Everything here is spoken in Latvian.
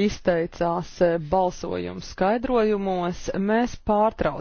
izteicās eh, balsojumu skaidrojumos, mēs pārtraucam.